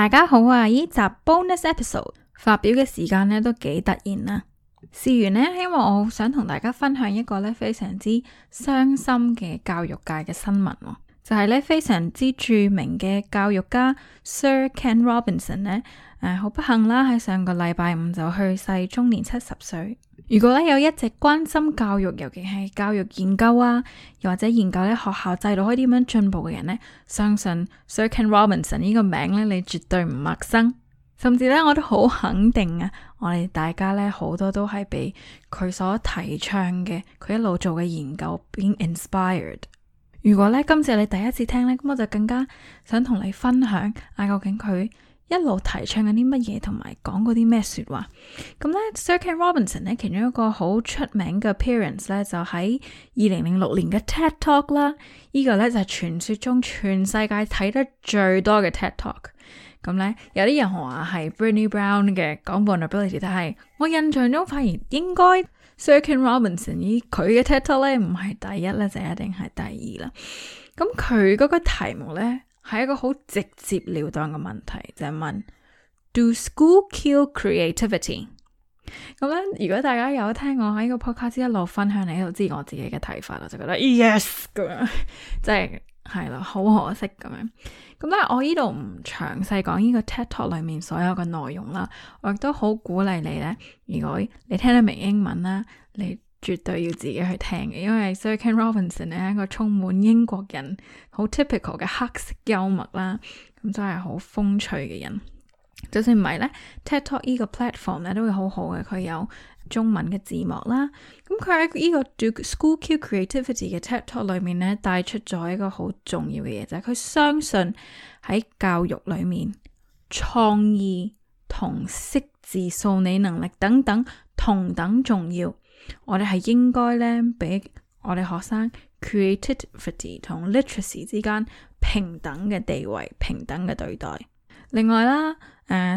大家好啊！呢集 bonus episode 發表嘅時間咧都幾突然啦、啊。事緣呢，希望我想同大家分享一個咧非常之傷心嘅教育界嘅新聞咯、啊，就係、是、咧非常之著名嘅教育家 Sir Ken Robinson 咧，誒、呃、好不幸啦，喺上個禮拜五就去世中，終年七十歲。如果咧有一直關心教育，尤其係教育研究啊，又或者研究咧學校制度可以點樣進步嘅人呢，相信 Sir Ken Robinson 呢個名咧你絕對唔陌生，甚至咧我都好肯定啊，我哋大家咧好多都係被佢所提倡嘅，佢一路做嘅研究已經 inspired。如果咧今次你第一次聽呢，咁我就更加想同你分享啊，究竟佢一路提倡緊啲乜嘢，同埋講嗰啲咩說話，咁呢，Sir Ken Robinson 呢，其中一個好出名嘅 appearance 呢，就喺二零零六年嘅 TED Talk 啦。呢、這個呢，就係、是、傳說中全世界睇得最多嘅 TED Talk。咁呢，有啲人話係 Brené Brown 嘅講 vulnerability，但係我印象中發現應該 Sir Ken Robinson 以佢嘅 TED Talk 呢，唔係第一咧，就一定係第二啦。咁佢嗰個題目呢。係一個好直接了當嘅問題，就係問 Do school kill creativity？咁咧，如果大家有聽我喺呢個 podcast 一路分享，你喺度知我自己嘅睇法，我就覺得 Yes 咁樣，即係係咯，好可惜咁樣。咁但係我呢度唔詳細講呢個 TED Talk 裏面所有嘅內容啦，我亦都好鼓勵你咧，如果你聽得明英文啦，你。絕對要自己去聽嘅，因為 Sir Ken Robinson 係一個充滿英國人好 typical 嘅黑色幽默啦，咁真係好風趣嘅人。就算唔係咧，TED Talk 呢、e、個 platform 咧都會好好嘅。佢有中文嘅字幕啦，咁佢喺呢個 Do School Kill Creativity 嘅 TED Talk 裏面咧，帶出咗一個好重要嘅嘢，就係、是、佢相信喺教育裏面創意同識字、數理能力等等同等重要。我哋係應該咧，俾我哋學生 creativity 同 literacy 之間平等嘅地位，平等嘅對待。另外啦，誒、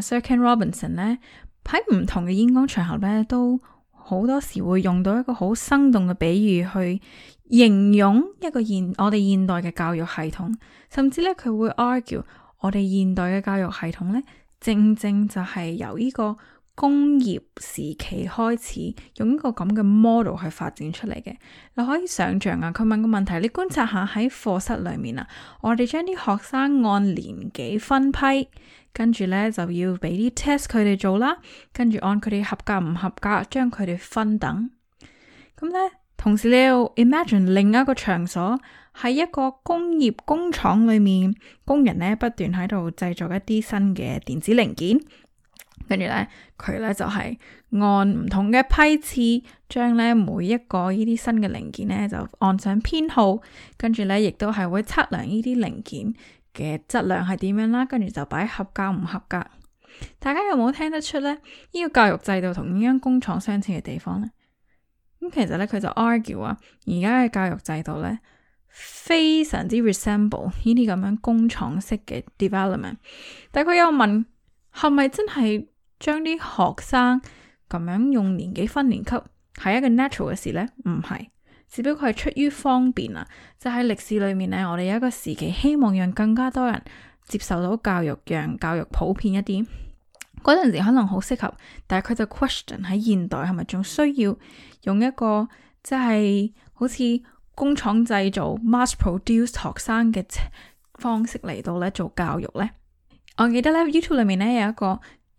uh，Sir Ken Robinson 咧喺唔同嘅演講場合咧，都好多時會用到一個好生動嘅比喻去形容一個現我哋現代嘅教育系統，甚至咧佢會 argue 我哋現代嘅教育系統咧，正正就係由呢、這個工業時期開始用呢個咁嘅 model 去發展出嚟嘅，你可以想象啊，佢問個問題，你觀察下喺課室裡面啊，我哋將啲學生按年紀分批，跟住呢就要俾啲 test 佢哋做啦，跟住按佢哋合格唔合格，將佢哋分等。咁呢，同時你要 imagine 另一個場所喺一個工業工廠裏面，工人呢不斷喺度製作一啲新嘅電子零件。跟住咧，佢咧就係、是、按唔同嘅批次，將咧每一個呢啲新嘅零件咧就按上編號，跟住咧亦都係會測量呢啲零件嘅質量係點樣啦，跟住就擺合格唔合格。大家有冇聽得出咧？呢、這個教育制度同呢間工廠相似嘅地方咧？咁、嗯、其實咧佢就 argue 啊，而家嘅教育制度咧非常之 resemble 呢啲咁樣工廠式嘅 development，但佢又問係咪真係？將啲學生咁樣用年紀分年級係一個 natural 嘅事呢？唔係，只不過係出於方便啊。即係喺歷史裏面呢，我哋有一個時期希望讓更加多人接受到教育，讓教育普遍一啲。嗰陣時可能好適合，但係佢就 question 喺現代係咪仲需要用一個即係、就是、好似工廠製造 mass produce 學生嘅方式嚟到咧做教育呢？我記得咧 YouTube 裏面咧有一個。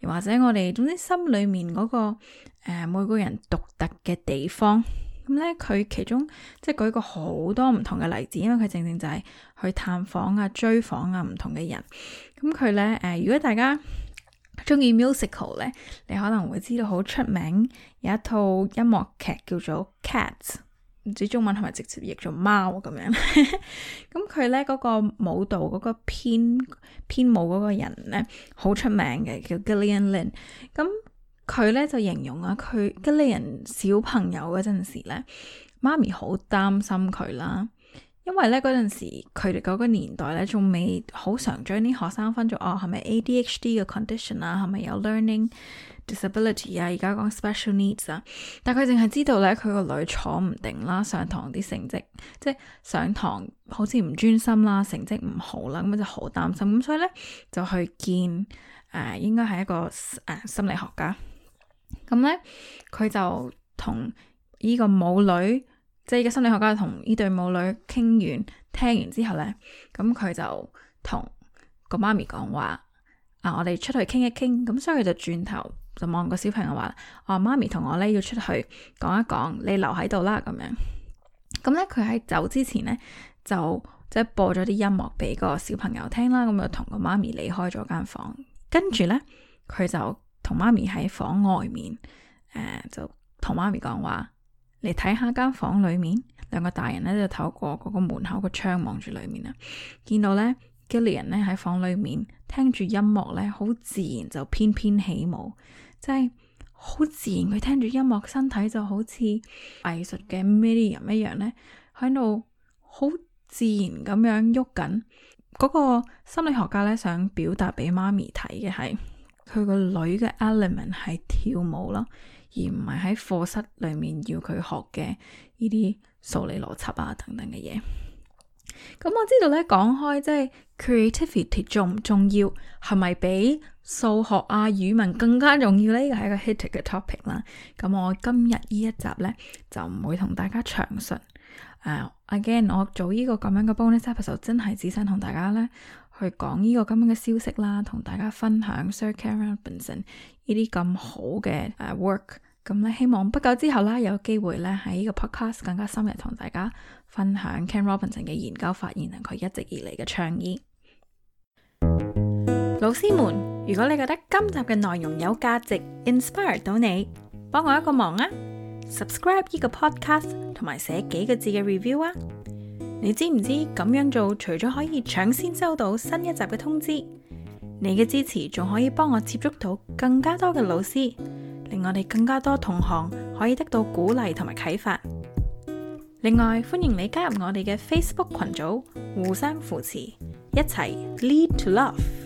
又或者我哋總之心裏面嗰，那個誒、呃、每個人獨特嘅地方，咁咧佢其中即係舉過好多唔同嘅例子，因為佢正正就係去探訪啊、追訪啊唔同嘅人。咁佢咧誒，如果大家中意 musical 咧，你可能會知道好出名有一套音樂劇叫做《Cats》唔知中文係咪直接譯做貓咁樣？咁佢咧，嗰個舞蹈嗰個編編舞嗰個人咧，好出名嘅叫 Gillian Lin。咁佢咧就形容啊，佢 Gillian 小朋友嗰陣時咧，媽咪好擔心佢啦。因為咧嗰陣時佢哋嗰個年代咧仲未好常將啲學生分咗哦，係咪 ADHD 嘅 condition 啊，係咪有 learning disability 啊，而家講 special needs 啊，但佢淨係知道咧佢個女坐唔定啦，上堂啲成績，即係上堂好似唔專心啦，成績唔好啦，咁就好擔心咁，所以咧就去見誒、呃、應該係一個誒、呃、心理學家，咁咧佢就同呢個母女。即係呢個心理學家同呢對母女傾完聽完之後咧，咁佢就同個媽咪講話：啊，我哋出去傾一傾。咁所以佢就轉頭就望個小朋友話：啊、媽我媽咪同我咧要出去講一講，你留喺度啦。咁樣咁咧，佢喺走之前咧就即係播咗啲音樂俾個小朋友聽啦。咁就同個媽咪離開咗間房間，呢跟住咧佢就同媽咪喺房外面，誒、呃，就同媽咪講話。嚟睇下間房裏面，兩個大人咧就透過嗰個門口個窗望住裏面啦，見到咧，Gillian 咧喺房裏面聽住音樂咧，好自然就翩翩起舞，即係好自然佢聽住音樂，身體就好似藝術嘅 medium 一樣咧，喺度好自然咁樣喐緊。嗰個心理學家咧想表達俾媽咪睇嘅係，佢個女嘅 element 係跳舞囉。而唔係喺課室裏面要佢學嘅呢啲數理邏輯啊等等嘅嘢。咁我知道咧，講開即係 creativity 重唔重要，係咪比數學啊語文更加重要咧，係一個 hit 嘅 topic 啦。咁我今日呢一集呢，就唔會同大家詳述。誒 again 我做呢個咁樣嘅 bonus episode 真係只想同大家呢去講呢個咁樣嘅消息啦，同大家分享 Sir Ken Robinson 呢啲咁好嘅誒 work。咁咧，希望不久之後啦，有機會咧喺呢個 podcast 更加深入同大家分享 Ken Robinson 嘅研究發現同佢一直以嚟嘅倡議。老師們，如果你覺得今集嘅內容有價值，inspire 到你，幫我一個忙啊，subscribe 呢個 podcast 同埋寫幾個字嘅 review 啊！你知唔知咁樣做，除咗可以搶先收到新一集嘅通知，你嘅支持仲可以幫我接觸到更加多嘅老師。令我哋更加多同行可以得到鼓勵同埋啟發。另外，歡迎你加入我哋嘅 Facebook 群組，互相扶持，一齊 Lead to Love。